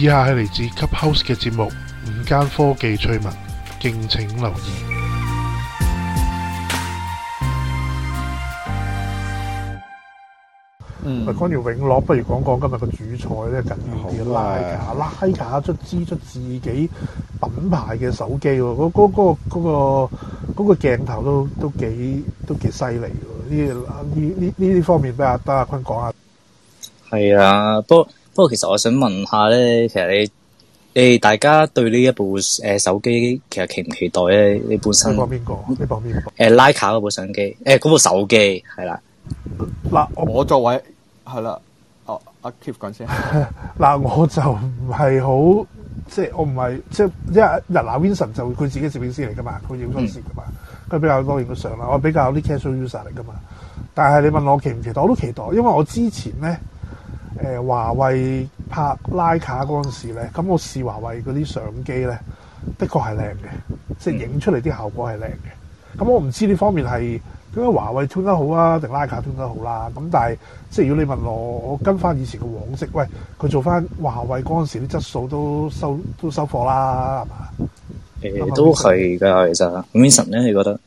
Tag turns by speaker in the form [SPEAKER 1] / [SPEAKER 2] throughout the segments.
[SPEAKER 1] 以下係嚟自 Clubhouse 嘅節目《午間科技趣聞》，敬請留意。嗯，關於永樂，不如講講今日個主菜咧緊要啲。Leica，Leica 出支出自己品牌嘅手機喎，嗰嗰嗰個鏡、嗰個、頭都都幾都幾犀利喎。呢呢呢啲方面，畀阿阿阿坤講下。
[SPEAKER 2] 係啊，都。不過其實我想問下咧，其實你誒，你大家對呢一部誒手機，其實期唔期待咧？你本身邊個邊
[SPEAKER 1] 個？
[SPEAKER 3] 你講邊個？
[SPEAKER 2] 誒， 徠卡嗰部相機，誒，嗰部手機係
[SPEAKER 3] 啦。嗱、啊，我作為係啦，哦，阿、oh, Keith 講先。
[SPEAKER 1] 嗱，我就唔係好，即係我唔係即係，因、啊、為人阿 Winson 就佢自己攝影師嚟噶嘛，佢影多啲噶嘛，佢、嗯、比較多影嘅相啦，我比較啲 casual user 嚟噶嘛。但係你問我期唔期待，我都期待，因為我之前咧。誒華、呃、為拍拉卡 k k 嗰陣時咧，咁我試華為嗰啲相機咧，的確係靚嘅，即係影出嚟啲效果係靚嘅。咁我唔知呢方面係點解華為做得好啊，定拉卡調得好啦、啊。咁但係，即係如果你問我，我跟翻以前嘅往績，喂佢做翻華為嗰陣時啲質素都收都收貨啦，係嘛？
[SPEAKER 3] 誒、欸，都係㗎，其實。Winson 咧，你覺得？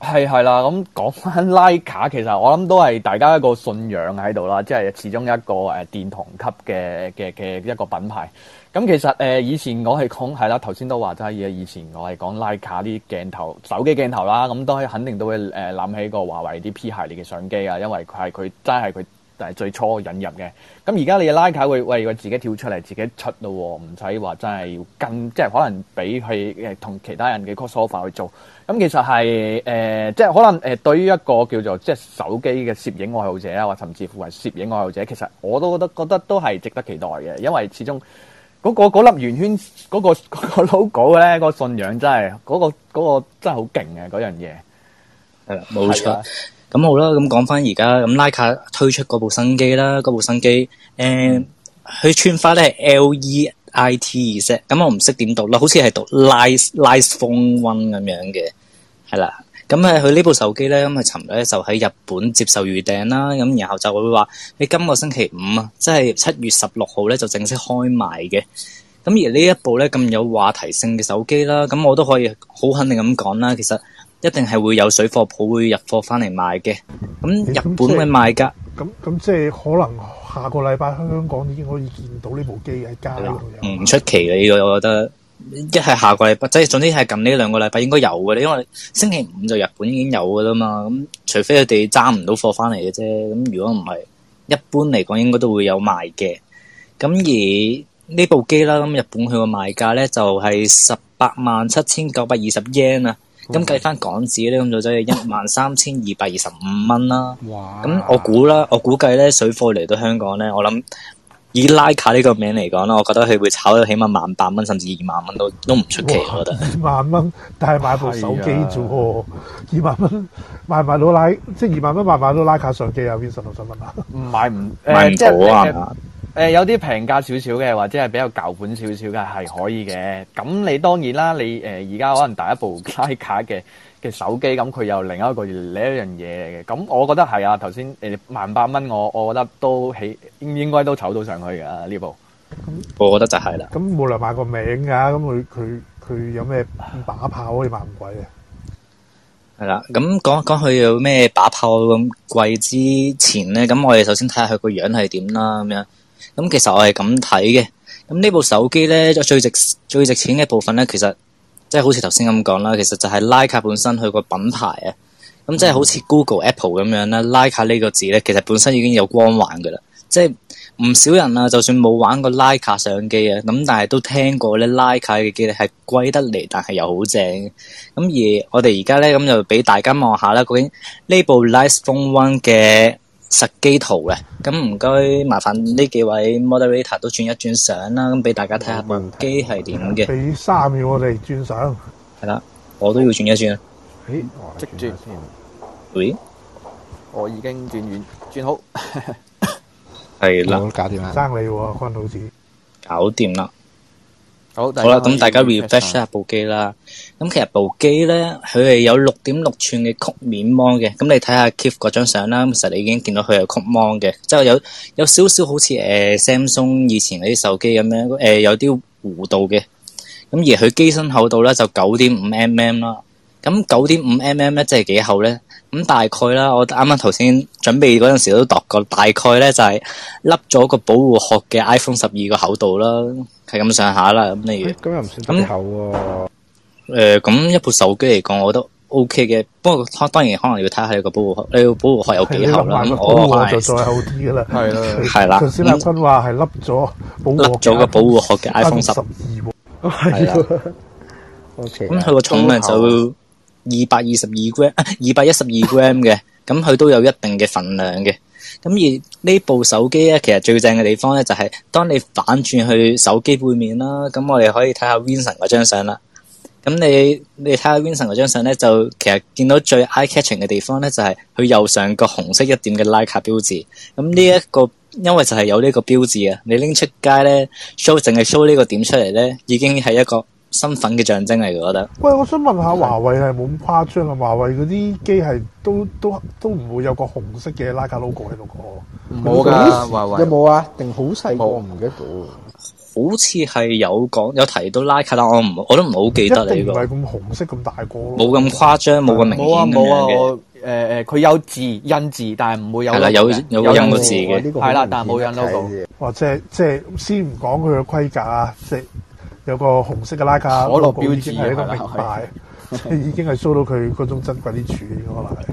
[SPEAKER 3] 係係啦，咁講翻 Leica，其實我諗都係大家一個信仰喺度啦，即係始終一個誒殿堂級嘅嘅嘅一個品牌。咁其實以前我係講係啦，頭先都話齋嘅，以前我係講 Leica 啲鏡頭、手機鏡頭啦，咁都係肯定都會諗起個華為啲 P 系列嘅相機啊，因為佢係佢真係佢。就係最初引入嘅，咁而家你嘅 Leica 會喂佢自己跳出嚟，自己出咯，唔使話真係要跟，即係可能俾佢誒同其他人嘅 course off 去做，咁其實係誒、呃、即係可能誒對於一個叫做即係手機嘅攝影愛好者啊，或甚至乎係攝影愛好者，其實我都覺得覺得都係值得期待嘅，因為始終嗰、嗰個嗰粒圓圈嗰、嗰個嗰個 logo 咧，嗰個信仰真係嗰、嗰個嗰、嗰個真係好勁嘅嗰樣嘢，係啦，冇錯。
[SPEAKER 2] 咁好啦，咁講翻而家咁拉 i k 推出嗰部新機，呃 e、啦，嗰部新機，誒，佢串花咧係 LEIT，咁我唔識點讀，啦好似係讀 Life l i e Phone One 咁樣嘅，係啦，咁佢呢部手機咧咁啊尋日咧就喺日本接受預訂啦，咁然後就會話你今個星期五啊，即係七月十六號咧就正式開賣嘅，咁而呢一部咧咁有話題性嘅手機啦，咁我都可以好肯定咁講啦，其實。一定係會有水貨鋪會入貨翻嚟賣嘅。咁日本嘅賣價，
[SPEAKER 1] 咁咁即係可能下個禮拜香港已經可以見到呢部機喺街嗰度有。
[SPEAKER 2] 唔出奇嘅呢個，我覺得一係下個禮拜，即係總之係近呢兩個禮拜應該有嘅。因為星期五就日本已經有噶啦嘛。咁除非佢哋揸唔到貨翻嚟嘅啫。咁如果唔係，一般嚟講應該都會有賣嘅。咁而呢部機啦，咁日本佢個賣價咧就係十八萬七千九百二十 yen 啊。咁哇計翻港紙呢咁就真係一萬三千二百二十五蚊啦。咁哇我估啦，我估計咧，水貨嚟到香港咧，我諗以 Leica 呢個名嚟講啦，我覺得佢會炒到起碼萬八蚊，甚至二萬蚊都都唔出奇。哇我覺得。
[SPEAKER 1] 二萬蚊，但係買部手機啫喎。啊、二萬蚊買唔買到拉，即、就、係、是、二萬蚊買唔買到 Leica 相機啊？邊十六十蚊啊？
[SPEAKER 3] 買唔買唔到啊？啊誒、呃，有啲平價少少嘅，或者係比較舊款少少嘅，係可以嘅。咁你當然啦，你誒而家可能第一部 Leica 嘅嘅手機，咁佢又另一個另一樣嘢嘅。咁我覺得係啊，頭先誒萬八蚊，呃、18, 我我覺得都起應應該都炒到上去噶呢部
[SPEAKER 1] 我覺得就係啦。咁冇理由買個名噶、啊，咁佢佢佢有咩把炮可以賣咁貴
[SPEAKER 2] 嘅係啦，咁講講佢有咩把炮咁貴之前咧，咁我哋首先睇下佢個樣係點啦，咁樣。咁其實我係咁睇嘅，咁呢部手機咧，就最值最值錢嘅部分咧，其實即係、就是、好似頭先咁講啦，其實就係 Leica 本身佢個品牌啊，咁即係好似 Google、嗯、Apple 咁樣啦，Leica 呢個字咧，其實本身已經有光環噶啦，即係唔少人啊，就算冇玩過 Leica 相機啊，咁但係都聽過咧，Leica 嘅機咧係貴得嚟，但係又好正，咁而我哋而家咧咁就俾大家望下啦，究竟呢部 Leitz Phone One 嘅。實機圖咧，咁唔該麻煩呢幾位 moderator 都轉一轉相啦，咁俾大家睇下。部機係點嘅？俾三秒
[SPEAKER 1] 我哋轉相。
[SPEAKER 2] 係啦，我都要轉一轉。誒，
[SPEAKER 3] 即轉先。喂，我已經轉完，轉好。
[SPEAKER 2] 係啦，搞掂啦。
[SPEAKER 3] 生你喎，坤老師。
[SPEAKER 2] 搞掂啦。
[SPEAKER 3] 好啦，咁大家 refresh 下、
[SPEAKER 2] 嗯、家 re 部機啦。咁其實部機咧，佢係有六點六寸嘅曲面芒嘅。咁你睇下 Keith 嗰張相啦，咁實你已經見到佢係曲芒嘅，即係有有少少好似誒 Samsung 以前嗰啲手機咁樣，誒、呃、有啲弧度嘅。咁而佢機身厚度咧，就九點五 mm 啦。咁九點五 mm 咧即係幾厚咧？咁大概啦，我啱啱頭先準備嗰陣時都度過，大概咧就係笠咗個保護殼嘅 iPhone 十二個厚度啦。係咁上下啦，咁例如咁又唔算咁厚，誒、欸，咁、啊嗯呃、一部手機嚟講，我覺得 O K 嘅，不過，當然可能要睇下個保護殼，你要保護殼有幾厚啦。咁、嗯嗯、我，保護殼就再厚啲噶啦。係啦、嗯，係啦、嗯。
[SPEAKER 1] 頭先立新話係凹咗，凹咗個保護殼嘅 iPhone 十二，係啦了。O K、啊。
[SPEAKER 2] 咁佢、嗯、個重量就二百二十二 gram，二百一十二 gram 嘅，咁佢 都有一定嘅份量嘅。咁而呢部手機咧，其實最正嘅地方咧，就係當你反轉去手機背面啦。咁我哋可以睇下 Winson 嗰張相啦。咁你你睇下 Winson 嗰張相咧，就其實見到最 eye-catching 嘅地方咧，就係佢右上角紅色一點嘅徠卡標誌。咁呢一個因為就係有呢個標誌啊，你拎出街咧 show 淨係 show 呢個點出嚟咧，已經係一個身份嘅象徵嚟，我覺得。
[SPEAKER 1] 喂，我想問下，華為係冇咁誇張啊？華為嗰啲機係都都都唔會有個紅色嘅徠卡 logo 喺度個？冇噶，華為有冇啊？定好細個？我唔記得
[SPEAKER 2] 到。好似係有講有提到徠卡啦，我唔我都唔好記得呢一定唔係咁
[SPEAKER 3] 紅色咁大個。冇
[SPEAKER 2] 咁誇張，冇咁對明顯嘅。冇啊冇啊，我
[SPEAKER 3] 誒誒，佢、呃、有字印字，但係唔會有字。係有有個印個字嘅，係啦，但係冇印 logo。或者即係
[SPEAKER 1] 先唔講佢嘅規格啊，即係。有個紅色嘅 Leica，嗰個標誌係一個名牌，是是已
[SPEAKER 2] 經係 show 到佢嗰種珍貴啲處，可能係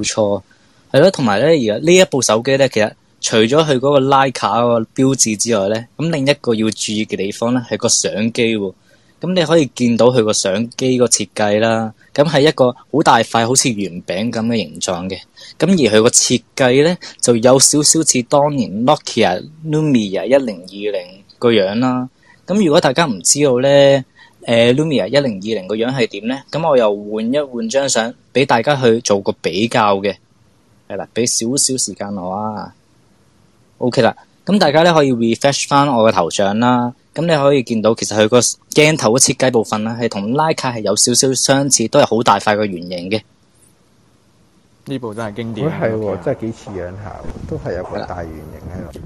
[SPEAKER 2] 冇錯。係咯，同埋咧，而家呢一部手機咧，其實除咗佢嗰個 Leica 個標誌之外咧，咁另一個要注意嘅地方咧，係個相機喎。咁你可以見到佢個相機個設計啦，咁係一個好大塊，好似圓餅咁嘅形狀嘅。咁而佢個設計咧，就有少少似當年 Nokia、ok、Lumia 一零二零個樣啦。咁如果大家唔知道咧，誒、呃、Lumia 一零二零個樣係點咧？咁我又換一換張相俾大家去做個比較嘅，係啦，俾少少時間我啊。OK 啦，咁大家咧可以 refresh 翻我嘅頭像啦。咁你可以見到，其實佢個鏡頭嘅設計部分咧，係同徠卡係有少少相似，都係好大塊嘅圓形嘅。
[SPEAKER 3] 呢
[SPEAKER 1] 部真係經典的，係、哦啊、真係幾
[SPEAKER 2] 似樣下。啊、都係有個大圓形喺度，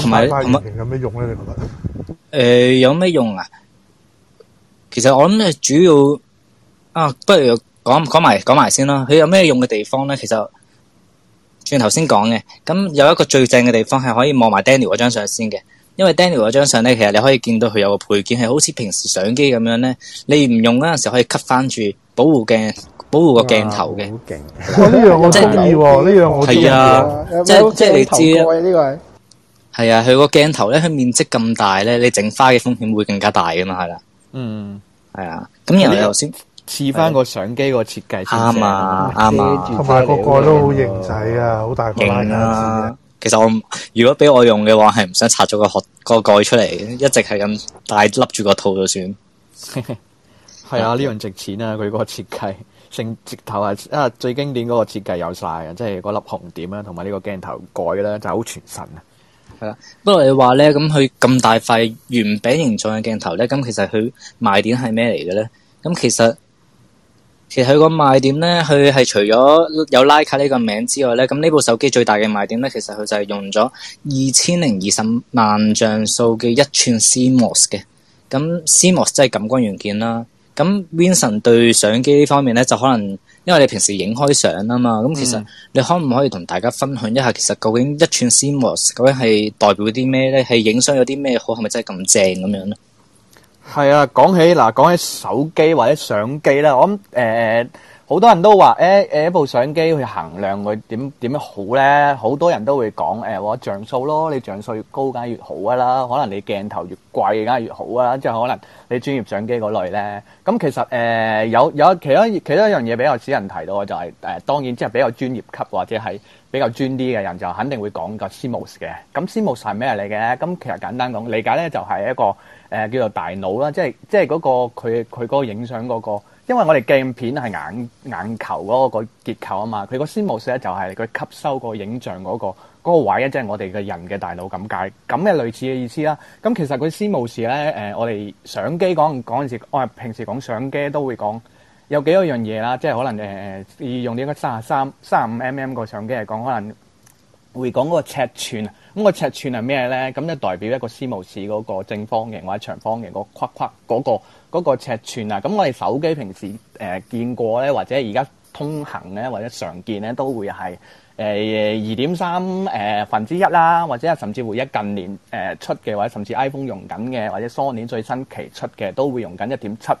[SPEAKER 2] 同埋、嗯、是有咩用咧，你覺得？誒、呃，有咩用啊？其實我諗咧，主要啊，不如講講埋講埋先啦。佢有咩用嘅地方咧？其實，轉頭先講嘅，咁有一個最正嘅地方係可以望埋 Daniel 嗰張相先嘅，因為 Daniel 嗰張相咧，其實你可以見到佢有個配件，係好似平時相機咁樣咧，你唔用嗰陣時，可以吸翻住保護鏡。保護個鏡頭嘅，
[SPEAKER 1] 呢樣我中意喎呢樣我中意。係啊，即係即係你知啦，呢個
[SPEAKER 2] 係係啊，佢個鏡頭咧，佢面積咁大咧，你整花嘅風險會更加大噶嘛，係啦。嗯，係啊。咁然後你頭先
[SPEAKER 3] 似返個相機個設計，啱啊，啱啊。同埋個蓋都好型仔啊，好大個。勁啊！
[SPEAKER 2] 其實我如果俾我用嘅話，係唔想拆咗個殼個蓋出嚟，一直係咁戴笠住個套就算。
[SPEAKER 3] 係啊，呢樣值錢啊，佢個設計。成直頭係啊，最經典嗰個設計有晒啊，即係嗰粒紅點啦，同埋呢個鏡頭蓋咧，就好全神啊。係啦，
[SPEAKER 2] 不過你話咧，咁佢咁大塊圓餅形狀嘅鏡頭咧，咁其實佢賣點係咩嚟嘅咧？咁其實其實佢個賣點咧，佢係除咗有徠卡呢個名之外咧，咁呢部手機最大嘅賣點咧，其實佢就係用咗二千零二十萬像素嘅一寸 CMOS 嘅。咁 CMOS 即係感光元件啦。咁 Winson 對相機呢方面咧，就可能因為你平時影開相啊嘛，咁其實你可唔可以同大家分享一下，其實究竟一串 CMOS 究竟係代表啲咩咧？係影相有啲咩好，係咪真係咁正咁
[SPEAKER 3] 樣咧？係啊，講起嗱，講起手機或者相機呢，我諗好多人都話誒誒一部相機去衡量佢點點樣好呢？好多人都會講誒我像素咯，你像素越高梗係越好啊啦，可能你鏡頭越貴，梗係越好啊，即係可能你專業相機嗰類呢。咁其實誒、呃、有有其他其他一樣嘢比較少人提到就係、是呃、當然即係比較專業級或者係比較專啲嘅人就肯定會講個 CMOS 嘅。咁 CMOS 係咩嚟嘅？咁其實簡單講理解呢就係、是、一個、呃、叫做大腦啦，即係即係嗰、那個佢佢嗰個影相嗰、那個。因為我哋鏡片係眼眼球嗰個結構啊嘛，佢個 CMOS 咧就係佢吸收個影像嗰個嗰位啊、就是呃，即係我哋嘅人嘅大腦咁解，咁嘅類似嘅意思啦。咁其實佢 CMOS 咧，我哋相機講講陣時，我係平時講相機都會講有幾多樣嘢啦，即係可能誒、呃、用呢嗰三十三三十五 mm 個相機嚟講，可能會講嗰個尺寸啊。咁、嗰個尺寸係咩咧？咁就代表一個 CMOS 嗰個正方形或者長方形個框框嗰、嗰個嗰個尺寸啊，咁我哋手機平時誒、呃、見過咧，或者而家通行咧，或者常見咧，都會係誒二點三誒分之一啦，或者甚至乎一近年誒、呃、出嘅，或者甚至 iPhone 用緊嘅，或者 Sony 最新期出嘅，都會用緊一點七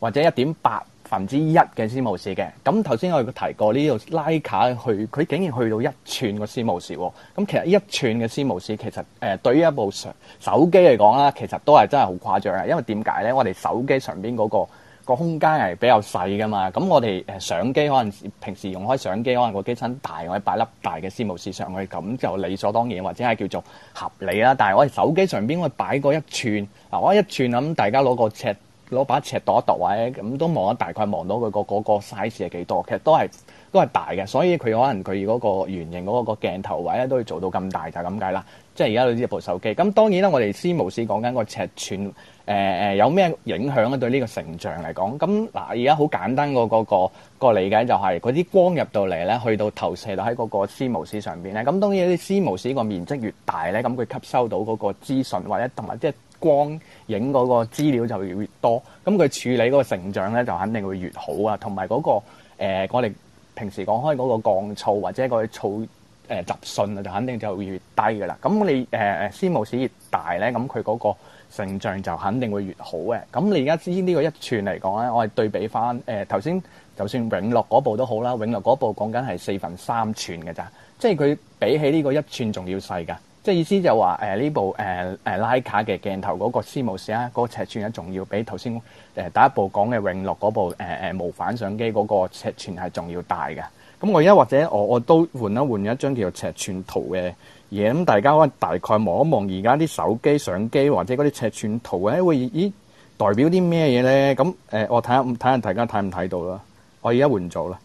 [SPEAKER 3] 或者一點八分之一嘅 CMOS 嘅，咁頭先我哋提過呢度、這個、Leica 去，佢竟然去到一寸個 CMOS 喎。咁其實一寸嘅 CMOS，其實誒對於一部手手機嚟講啦，其實都係真係好誇張啊。因為點解咧？我哋手機上邊嗰、那個、個空間係比較細噶嘛。咁我哋誒相機可能平時用開相機，可能個機身大，我哋擺粒大嘅 CMOS 上去，咁就理所當然或者係叫做合理啦。但係我哋手機上邊我擺個一寸，嗱我一寸咁，大家攞個尺。攞把尺度一度位，咁都望一大概，望到佢個嗰個 size 係幾多？其實都係都係大嘅，所以佢可能佢嗰個圓形嗰個鏡頭位咧，都要做到咁大就係咁解啦。即係而家呢部手機。咁當然啦，我哋 CMOS 講緊個尺寸，誒、呃、誒有咩影響啊？對呢個成像嚟講，咁嗱，而家好簡單個、嗰個嗰個個理解就係嗰啲光入到嚟咧，去到投射到喺嗰個 CMOS 上邊咧。咁當然、c，啲 CMOS 個面積越大咧，咁佢吸收到嗰個資訊或者同埋即係。光影嗰個資料就會越多，咁佢處理嗰個成像咧就肯定會越好啊。同埋嗰個我哋、呃、平時講開嗰個降噪或者嗰個噪誒雜訊啊，呃、就肯定就會越低噶啦。咁你誒 CMOS 越大咧，咁佢嗰個成像就肯定會越好嘅。咁你而家知呢個一寸嚟講咧，我係對比翻誒頭先，呃、就算永樂嗰部都好啦，永樂嗰部講緊係四分三寸嘅咋，即係佢比起呢個一寸仲要細噶。即係意思就話誒呢部誒 Leica 嘅鏡頭嗰個 CMOS 啊，嗰個尺寸仲要比頭先誒第一部講嘅永樂嗰部誒誒無反相機嗰個尺寸係仲要大嘅。咁我而家或者我我都換啦，換咗一張叫做尺寸圖嘅嘢。咁大家我大概望一望而家啲手機相機或者嗰啲尺寸圖咧，會咦代表啲咩嘢咧？咁誒，我睇下睇下大家睇唔睇到啦。我而家換咗啦，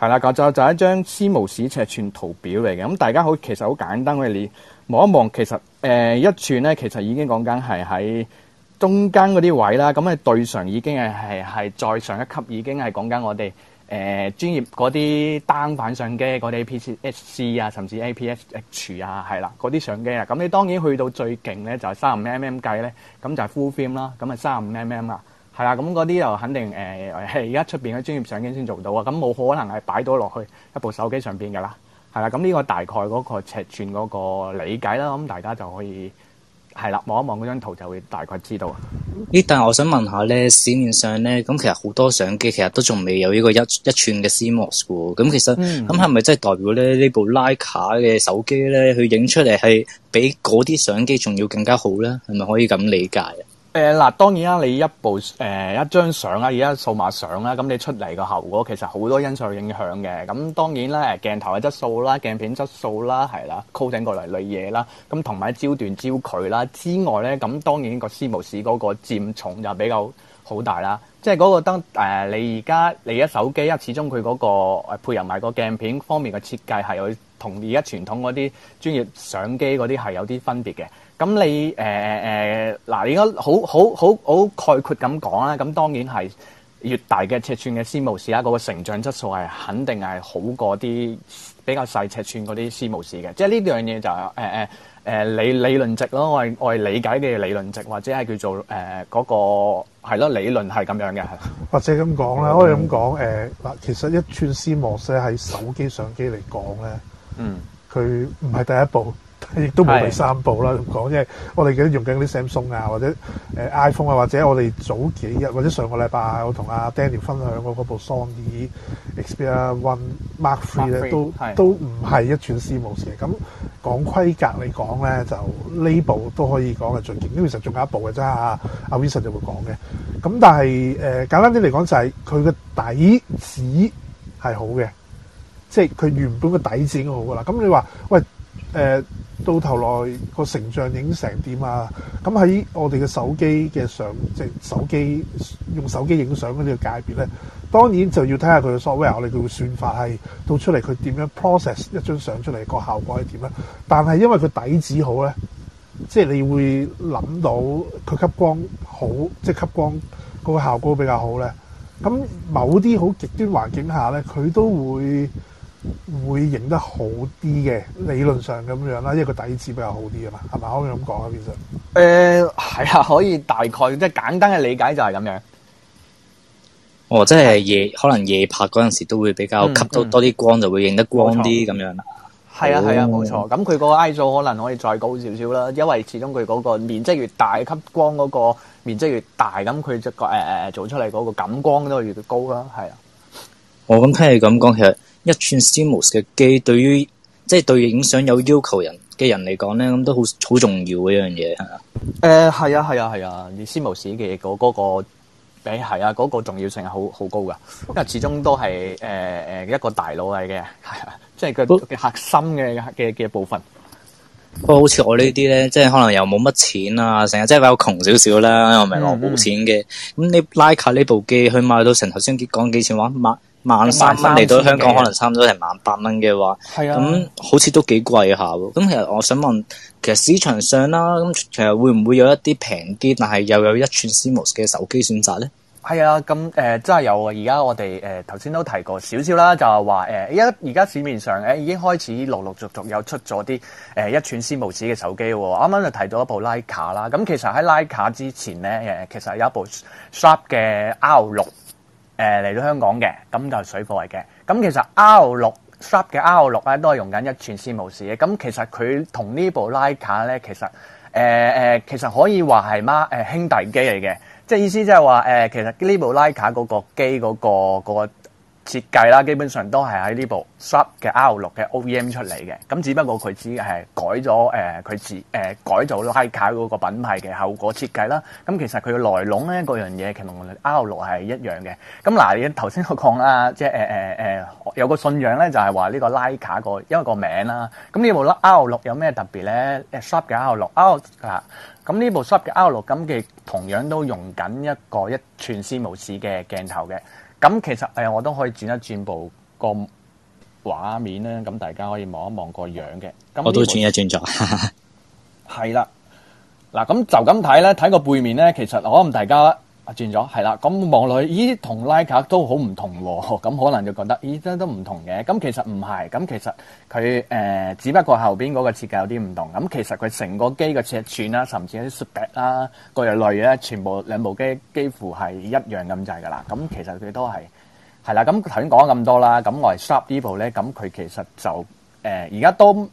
[SPEAKER 3] 係啦，就就一張 CMOS 尺寸圖表嚟嘅。咁大家好，其實好簡單嘅你。望一望，其實誒、呃、一吋咧，其實已經講緊係喺中間嗰啲位啦。咁啊，對上已經係係再上一級，已經係講緊我哋誒、呃、專業嗰啲單反相機嗰啲 APS-C 啊，甚至 APS-H 啊，係啦，嗰啲相機啦。咁你當然去到最勁咧、mm，就係三十五 mm 計咧，咁就係 full frame 啦。咁啊，三十五 mm 啦，係啦，咁嗰啲又肯定誒係而家出面嘅專業相機先做到啊。咁冇可能係擺到落去一部手機上面噶啦。係啦，咁呢個大概嗰個尺寸嗰個理解啦，咁大家就可以係啦，望一望嗰張圖就會大概知道。
[SPEAKER 2] 咦，但係我想問下咧，市面上咧，咁其實好多相機其實都仲未有呢個一一寸嘅 CMOS 喎，咁其實咁係咪真係代表咧，呢部 Leica 嘅手機咧，佢影出嚟係比嗰啲相機仲要更加好咧？係咪可以咁理解啊？
[SPEAKER 3] 誒嗱、呃，當然啦，你一部誒、呃、一張相啦，而家數碼相啦，咁你出嚟個效果其實好多因素影響嘅。咁當然咧，鏡頭嘅質素啦、鏡片質素啦，係啦，高頂過嚟類嘢啦。咁同埋焦段焦距啦之外咧，咁當然個 CMOS 嗰個佔重就比較好大啦。即係嗰個燈、呃、你而家你一手機啊，始終佢嗰個、呃、配合埋個鏡片方面嘅設計係有同而家傳統嗰啲專業相機嗰啲係有啲分別嘅。咁你誒誒嗱，而家好好好好概括咁講啦，咁當然係越大嘅尺寸嘅 CMOS，嗰個成長質素係肯定係好過啲比較細尺寸嗰啲 CMOS 嘅。即係呢樣嘢就誒誒誒理理論值咯，我係我係理解嘅理論值，或者係叫做誒嗰、呃嗰個係咯理論係咁樣嘅。
[SPEAKER 1] 或者咁講啦，可以咁講誒嗱，其實一寸 CMOS 喺手機相機嚟講咧，嗯，佢唔係第一部。亦都冇第三部啦，咁講即係我哋得用緊啲 Samsung 啊，或者 iPhone 啊，或者我哋早幾日或者上個禮拜我同阿 Daniel 分享嗰部 Sony Xperia One Max 咧，都都唔係一寸 C 無嘅。咁講規格嚟講咧，就呢部都可以講係最勁，因為其實仲有一部嘅啫啊。阿 Vincent 就會講嘅。咁但係誒、呃、簡單啲嚟講就係佢嘅底子係好嘅，即係佢原本嘅底子已經好噶啦。咁你話喂誒？呃到頭來、那個成像影成點啊？咁喺我哋嘅手機嘅相，即手機用手機影相嗰啲嘅界別咧，當然就要睇下佢嘅 s o f t w 佢嘅算法係到出嚟，佢點樣 process 一張相出嚟個效果係點啦。但係因為佢底子好咧，即係你會諗到佢吸光好，即係吸光嗰個效果比較好咧。咁某啲好極端環境下咧，佢都會。會影得好啲嘅，理論上咁樣啦，因為個底子比較好啲啊嘛，係咪可以咁講啊？其實，誒
[SPEAKER 3] 係、呃、啊，可以大概即係簡單嘅理解就係咁樣。
[SPEAKER 2] 哦，即係夜是可能夜拍嗰陣時都會比較吸到多啲光，就會影得光啲咁錯樣。
[SPEAKER 3] 係啊係啊，冇、啊哦啊、錯。咁佢個 ISO 可能可以再高少少啦，因為始終佢嗰個面積越大，吸光嗰個面積越大，咁佢、這個誒誒、呃、做出嚟嗰個感光都會越高啦。係啊。
[SPEAKER 2] 我咁聽你咁講，其實。一串 CMOS 嘅機，就是，對於即係對影相有要求的人嘅人嚟講咧，咁都好好重要嘅一樣嘢。係誒，係、
[SPEAKER 3] uh, 啊，係啊，係啊，你 CMOS 嘅嗰個，誒，係啊，嗰、啊啊啊那個重要性係好好高，噶因為始終都係誒誒一個大腦嚟嘅，係啊，即係佢嘅核心嘅嘅嘅部分。
[SPEAKER 2] 不過、哦、好似我這些呢啲咧，即係可能又冇乜錢啊，成日即係比較窮少少啦，係咪？我冇錢嘅，咁你 Leica 呢部機去賣，到成頭先講幾錢話萬三蚊嚟到香港可能差唔多係萬八蚊嘅話，咁、啊、好似都幾貴下喎。咁其實我想問，其實市場上啦，咁其實會唔會有一啲平啲，但係又有一寸 CMOS 嘅手機選擇咧？
[SPEAKER 3] 係啊，咁誒、呃、真係有啊！而家我哋誒頭先都提過少少啦，就係話誒，而家而家市面上誒、呃、已經開始陸陸續續有出咗啲誒一寸 CMOS 嘅手機喎。啱啱就提到一部 Leica 啦，咁其實喺 Leica 之前咧，誒、呃、其實有一部 Sharp 嘅 R 六。誒嚟到香港嘅，咁就係水貨嚟嘅。咁其實 R 6 Sharp 嘅 R 6咧都係用緊一寸模式嘅。咁其實佢同呢部 Leica 咧，其實、呃、其實可以話係孖兄弟機嚟嘅。即係意思即係話其實呢部 Leica 嗰個機嗰個嗰個，那個設計啦，基本上都係喺呢部 Sharp 嘅 R6 嘅 OEM 出嚟嘅，咁只不過佢只係改咗誒佢自誒、呃、改做 Leica 嗰個品牌嘅後果設計啦。咁其實佢嘅內籠咧嗰樣嘢其實同 R6 係一樣嘅。咁嗱，你頭先講啦，即係誒誒有個信仰咧，就係話呢個 Leica 個因為個名啦、啊。咁呢部 R6 有咩特別咧 Sharp 嘅 R6 R6，啊，咁呢部 Sharp 嘅 R6 咁嘅同樣都用緊一個一寸 CMOS 嘅鏡頭嘅。咁其實誒、哎，我都可以轉一轉部個畫面咧，咁大家可以望一望個樣嘅。我都轉一轉咗，係 啦。嗱，咁就咁睇咧，睇個背面咧，其實可唔大家？轉咗係啦，咁望落去，咦，同 Leica 都好唔同喎。咁可能就覺得咦，真、欸、都唔同嘅。咁其實唔係，咁其實佢誒、呃，只不過後邊嗰個設計有啲唔同。咁其實佢成個機嘅尺寸啦，甚至係啲 shape 啦，各樣類咧，全部兩部機幾乎係一樣咁滯㗎啦。咁其實佢都係係啦。咁頭先講咁多啦，咁我哋 Sharp 呢部咧，咁佢其實就誒而家都。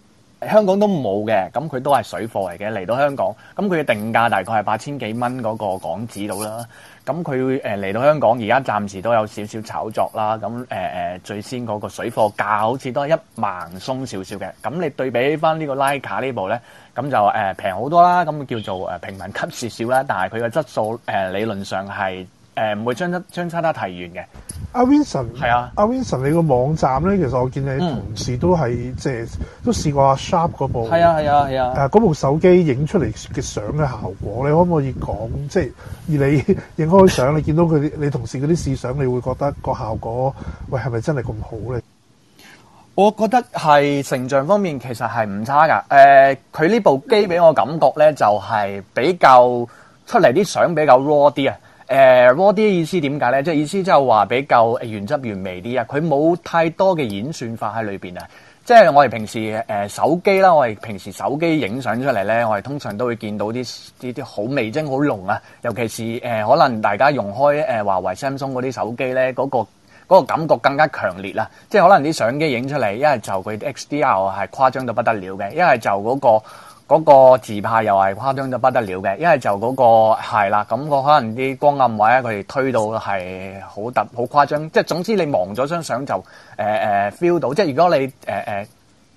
[SPEAKER 3] 香港都冇嘅，咁佢都係水貨嚟嘅，嚟到香港，咁佢嘅定價大概係八千幾蚊嗰個港紙到啦。咁佢嚟到香港，而家暫時都有少少炒作啦。咁誒、呃、最先嗰個水貨價好似都一萬鬆少少嘅。咁你對比翻呢個拉 i k 呢部咧，咁就平好、呃、多啦。咁叫做平民級少少啦，但係佢嘅質素誒、呃、理論上係。誒，唔、嗯、會將一將差得提完嘅。
[SPEAKER 1] 阿 Winson 係啊，阿 Winson 你個網站咧，其實我見你同事都係即係都試過阿 Sharp 嗰部。係啊，
[SPEAKER 3] 係啊，係啊。誒，
[SPEAKER 1] 嗰部手機影出嚟嘅相嘅效果你可唔可以講即係？而你影開相，你見到佢，啲你同事嗰啲試相，你會覺得個效果喂，係咪真係咁好咧？
[SPEAKER 3] 我覺得係成像方面其實係唔差噶誒、呃，佢呢部機俾我感覺咧，就係比較出嚟啲相比較 raw 啲啊。呃 RAW 啲意思點解咧？即係意思就話比較原汁原味啲啊！佢冇太多嘅演算法喺裏面啊！即係我哋平、呃、平時手機啦，我哋平時手機影相出嚟咧，我哋通常都會見到啲啲好味精好濃啊！尤其是、呃、可能大家用開誒華為、Samsung 嗰啲手機咧，嗰、嗰個嗰個感覺更加強烈啦！即係可能啲相機影出嚟，一係就佢 HDR 係誇張到不得了嘅，一係就嗰、嗰個。嗰個自拍又係誇張到不得了嘅，因為就嗰、嗰個係啦，咁個可能啲光暗位啊，佢哋推到係好特好誇張，即係總之你望咗張相就誒誒 feel 到，即係如果你誒誒、呃呃、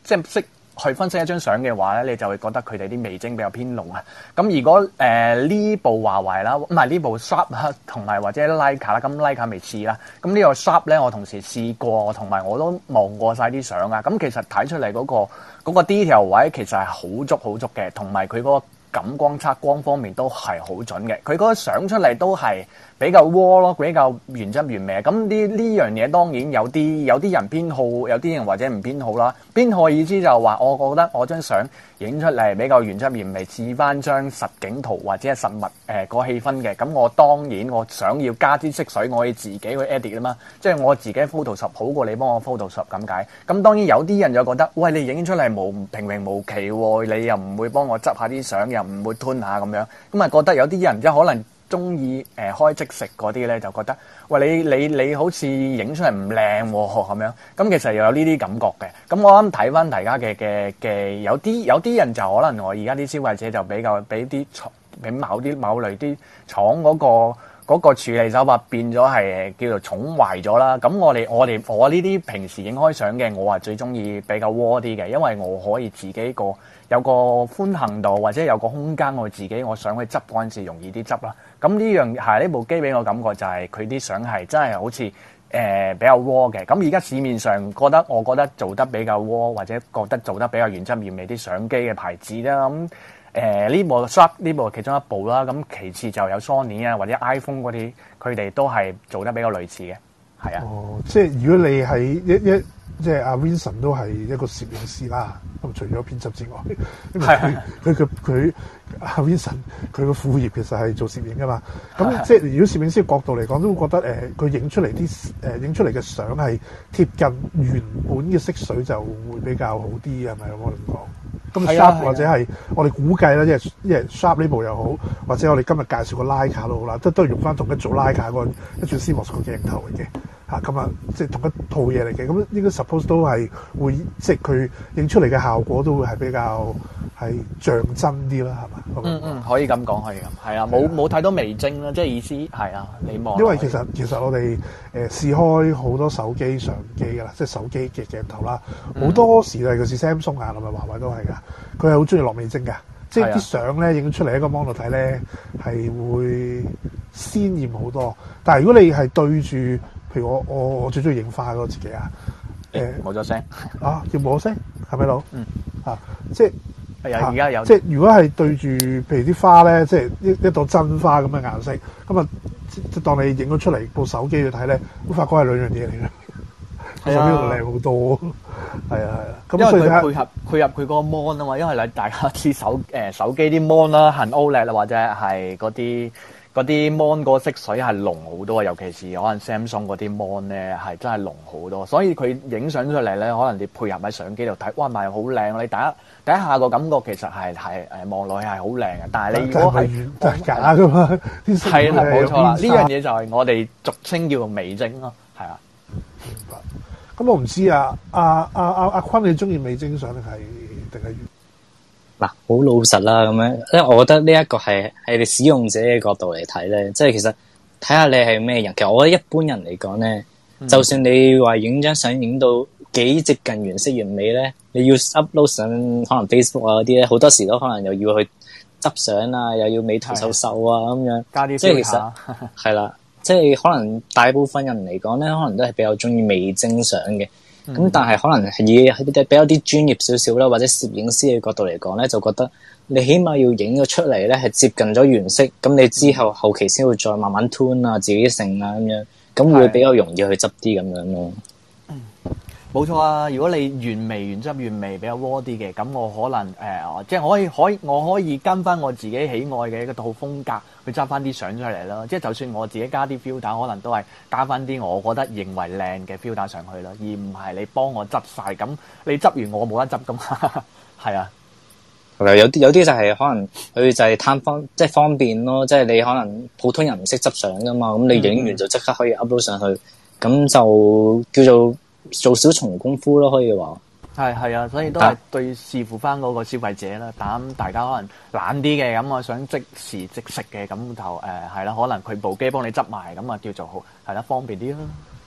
[SPEAKER 3] 即係識。去分析一張相嘅話咧，你就會覺得佢哋啲味精比較偏濃啊。咁如果誒呢、呃、部華為啦，唔係呢部 Sharp 同埋或者 Leica 啦，咁 Leica 未試啦。咁呢個 Sharp 咧，我同時試過，同埋我都望過晒啲相啊。咁其實睇出嚟嗰個嗰個 detail 位其實係好足好足嘅，同埋佢嗰個感光測光方面都係好準嘅。佢嗰個相出嚟都係比較窩咯，比較原汁原味啊！咁呢呢樣嘢當然有啲有啲人偏好，有啲人或者唔偏好啦。偏好意思就係話，我覺得我張相影出嚟比較原汁原味，似翻張原原實景圖或者實物誒個氣氛嘅。咁我當然我想要加啲色水，我可以自己去 edit 啊嘛。即係我自己 Photoshop 好過你幫我 Photoshop 咁解。咁當然有啲人就覺得，喂，你影出嚟無平平無奇喎，你又唔會幫我執下啲相，又唔會 tune 下咁樣，咁啊覺得有啲人即可能。中意誒開即食嗰啲咧，就覺得喂，你你你好似影出嚟唔靚喎咁樣，咁其實又有呢啲感覺嘅。咁我啱睇翻大家嘅嘅嘅，有啲有啲人就可能我而家啲消費者就比較俾啲廠俾某啲某類啲廠嗰個。嗰個處理手法變咗係叫做寵壞咗啦，咁我哋我哋我呢啲平時影開相嘅，我係最中意比較 raw 啲嘅，因為我可以自己個有個寬行度或者有個空間，我自己我想去執嗰陣時容易啲執啦。咁呢樣係呢部機俾我感覺就係佢啲相係真係好似誒、呃、比較 raw 嘅。咁而家市面上覺得我覺得做得比較 raw 或者覺得做得比較原汁原味啲相機嘅牌子啦。咁、嗯。誒呢、呃、部 shop 呢部其中一部啦，咁其次就有 Sony 啊或者 iPhone 啲，佢哋都係做得比較類似嘅，係
[SPEAKER 1] 啊。哦，即係如果你係一一。一即係阿 Winson 都係一個攝影師啦，咁除咗編輯之外，因為佢佢佢阿 Winson 佢個副業其實係做攝影噶嘛，咁的即係如果攝影師嘅角度嚟講，都會覺得誒佢影出嚟啲誒影出嚟嘅相係貼近原本嘅色水就會比較好啲，係咪啊？我咁講，咁 Sharp 是的或者係的我哋估計啦，即係即係 Sharp 呢部又好，或者我哋今日介紹個 Leica 都好啦，都都係用翻同一組 Leica 個的一串 CMOS 個鏡頭嘅。嚇咁啊，即係同一套嘢嚟嘅。咁應該 suppose 都係會，即係佢影出嚟嘅效果都會係比較係像真啲啦，係嘛？嗯
[SPEAKER 3] 嗯，可以咁講，可以咁係啊，冇冇太多味精啦，即係意思係啊，你望因為其
[SPEAKER 1] 實其實我哋誒、呃、試開好多手機相機噶啦，即係手機嘅鏡頭啦，好多時就係試 Samsung、嗯、啊，同埋華為都係噶。佢係好中意落味精㗎。啊、即係啲相咧影出嚟一個芒度睇咧係會鮮豔好多。但係如果你係對住。譬如我我我最中意影花咯，我自己啊，
[SPEAKER 3] 冇咗、欸、聲
[SPEAKER 1] 啊，叫冇咗聲，係咪佬？嗯啊，
[SPEAKER 3] 即
[SPEAKER 1] 係又而家
[SPEAKER 3] 有，啊、即係
[SPEAKER 1] 如果係對住譬如啲花咧，即係一一朵真花咁嘅顏色，咁啊，當你影咗出嚟部手機去睇咧，會發覺係兩樣嘢嚟
[SPEAKER 3] 嘅，手機係啊，靚
[SPEAKER 1] 好多，係、嗯、啊係啊，因為佢配合
[SPEAKER 3] 配合佢嗰個 mon 啊嘛，因為你大家似手誒手機啲 mon 啦，行 OLED 啦，或者係嗰啲。嗰啲 mon 嗰色水係濃好多，尤其是可能 Samsung 嗰啲 mon 咧，係真係濃好多，所以佢影相出嚟咧，可能你配合喺相機度睇，哇，咪好靚！你第一第一下個感覺其實係係誒望落去係好靚嘅，但係你如果係
[SPEAKER 1] 係啊，咁啊，係啦，冇錯啦，呢樣嘢
[SPEAKER 3] 就係我哋俗稱叫做味精咯，係啊。明
[SPEAKER 1] 白。咁我唔知啊，阿阿阿阿坤，你中意味精相定係定
[SPEAKER 3] 係？
[SPEAKER 2] 嗱，好老實啦，咁樣，即係我覺得呢一個係係你使用者嘅角度嚟睇咧，即係其實睇下你係咩人。其實我覺得一般人嚟講咧，嗯、就算你話影張相影到幾接近原色完美咧，你要 upload 上，上可能 Facebook 啊嗰啲咧，好多時都可能又要去執相啊，又要美圖秀秀啊咁的樣，加啲色即係其實係啦， 即係可能大部分人嚟講咧，可能都係比較中意未精相嘅。咁、嗯、但係可能以比較啲專業少少啦，或者攝影師嘅角度嚟講咧，就覺得你起碼要影咗出嚟咧，係接近咗原色，咁你之後後期先會再慢慢 tune 啊，自己成啊咁樣，咁會比較容易去執啲咁樣咯。
[SPEAKER 3] 冇錯啊！如果你原味原汁原味比較 raw 啲嘅，咁我可能誒、呃，即係我可以，可以我可以跟翻我自己喜愛嘅一套風格去執翻啲相出嚟咯。即係就算我自己加啲 filter，可能都係加翻啲我覺得認為靚嘅 filter 上去囉，而唔係你幫我執晒。咁，你執完我冇得執咁，係啊。係
[SPEAKER 2] 咪有啲有啲就係可能佢就係貪方即係、就是、方便咯，即、就、係、是、你可能普通人唔識執相噶嘛，咁你影完就即刻可以 upload 上去，咁、嗯、就叫做。做少重功夫咯，可以話
[SPEAKER 3] 係係啊，所以都係對視乎翻嗰個消費者啦。但大家可能懶啲嘅，咁我想即時即食嘅，咁就誒、係啦，可能佢部機幫你執埋，咁啊叫做好係啦，方便啲咯。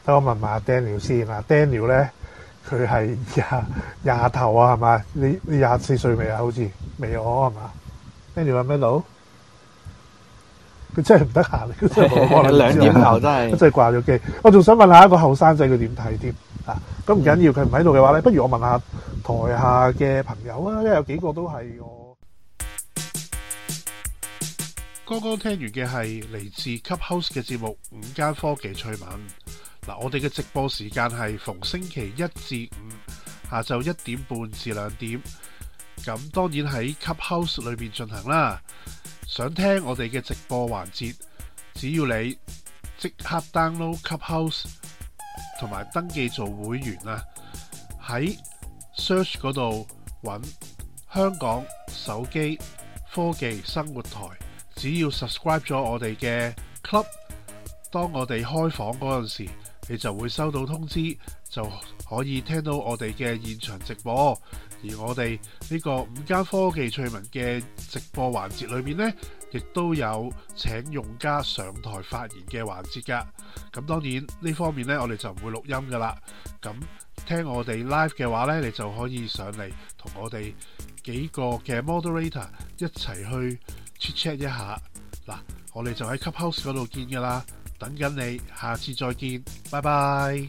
[SPEAKER 3] 等我
[SPEAKER 1] 問問 Daniel 先啊，Daniel 咧，佢係廿廿頭啊係嘛？你你廿四歲未啊？好似未我係嘛？Daniel 係咩佬？佢真係唔得閒，佢真係冇 兩點後真係真係掛咗機。我仲想問一下一個後生仔佢點睇添啊？咁唔緊要，佢唔喺度嘅話咧，不如我問下台下嘅朋友啊，因為有幾個都係我剛剛聽完嘅係嚟自 Clubhouse 嘅節目《午間科技趣聞》。嗱，我哋嘅直播時間係逢星期一至五下晝一點半至兩點，咁當然喺 Clubhouse 裏邊進行啦。想聽我哋嘅直播環節，只要你即刻 download Clubhouse 同埋登記做會員啊！喺 search 嗰度揾香港手機科技生活台，只要 subscribe 咗我哋嘅 club，當我哋開房嗰陣嗰時，你就會收到通知就。可以聽到我哋嘅現場直播，而我哋呢個午間科技趣聞嘅直播環節裏面呢，亦都有請用家上台發言嘅環節噶。咁當然呢方面呢，我哋就唔會錄音噶啦。咁聽我哋 live 嘅話呢，你就可以上嚟同我哋幾個嘅 moderator 一齊去 chat chat 一下。嗱，我哋就喺 Clubhouse 嗰度見㗎啦，等緊你，下次再見，拜拜。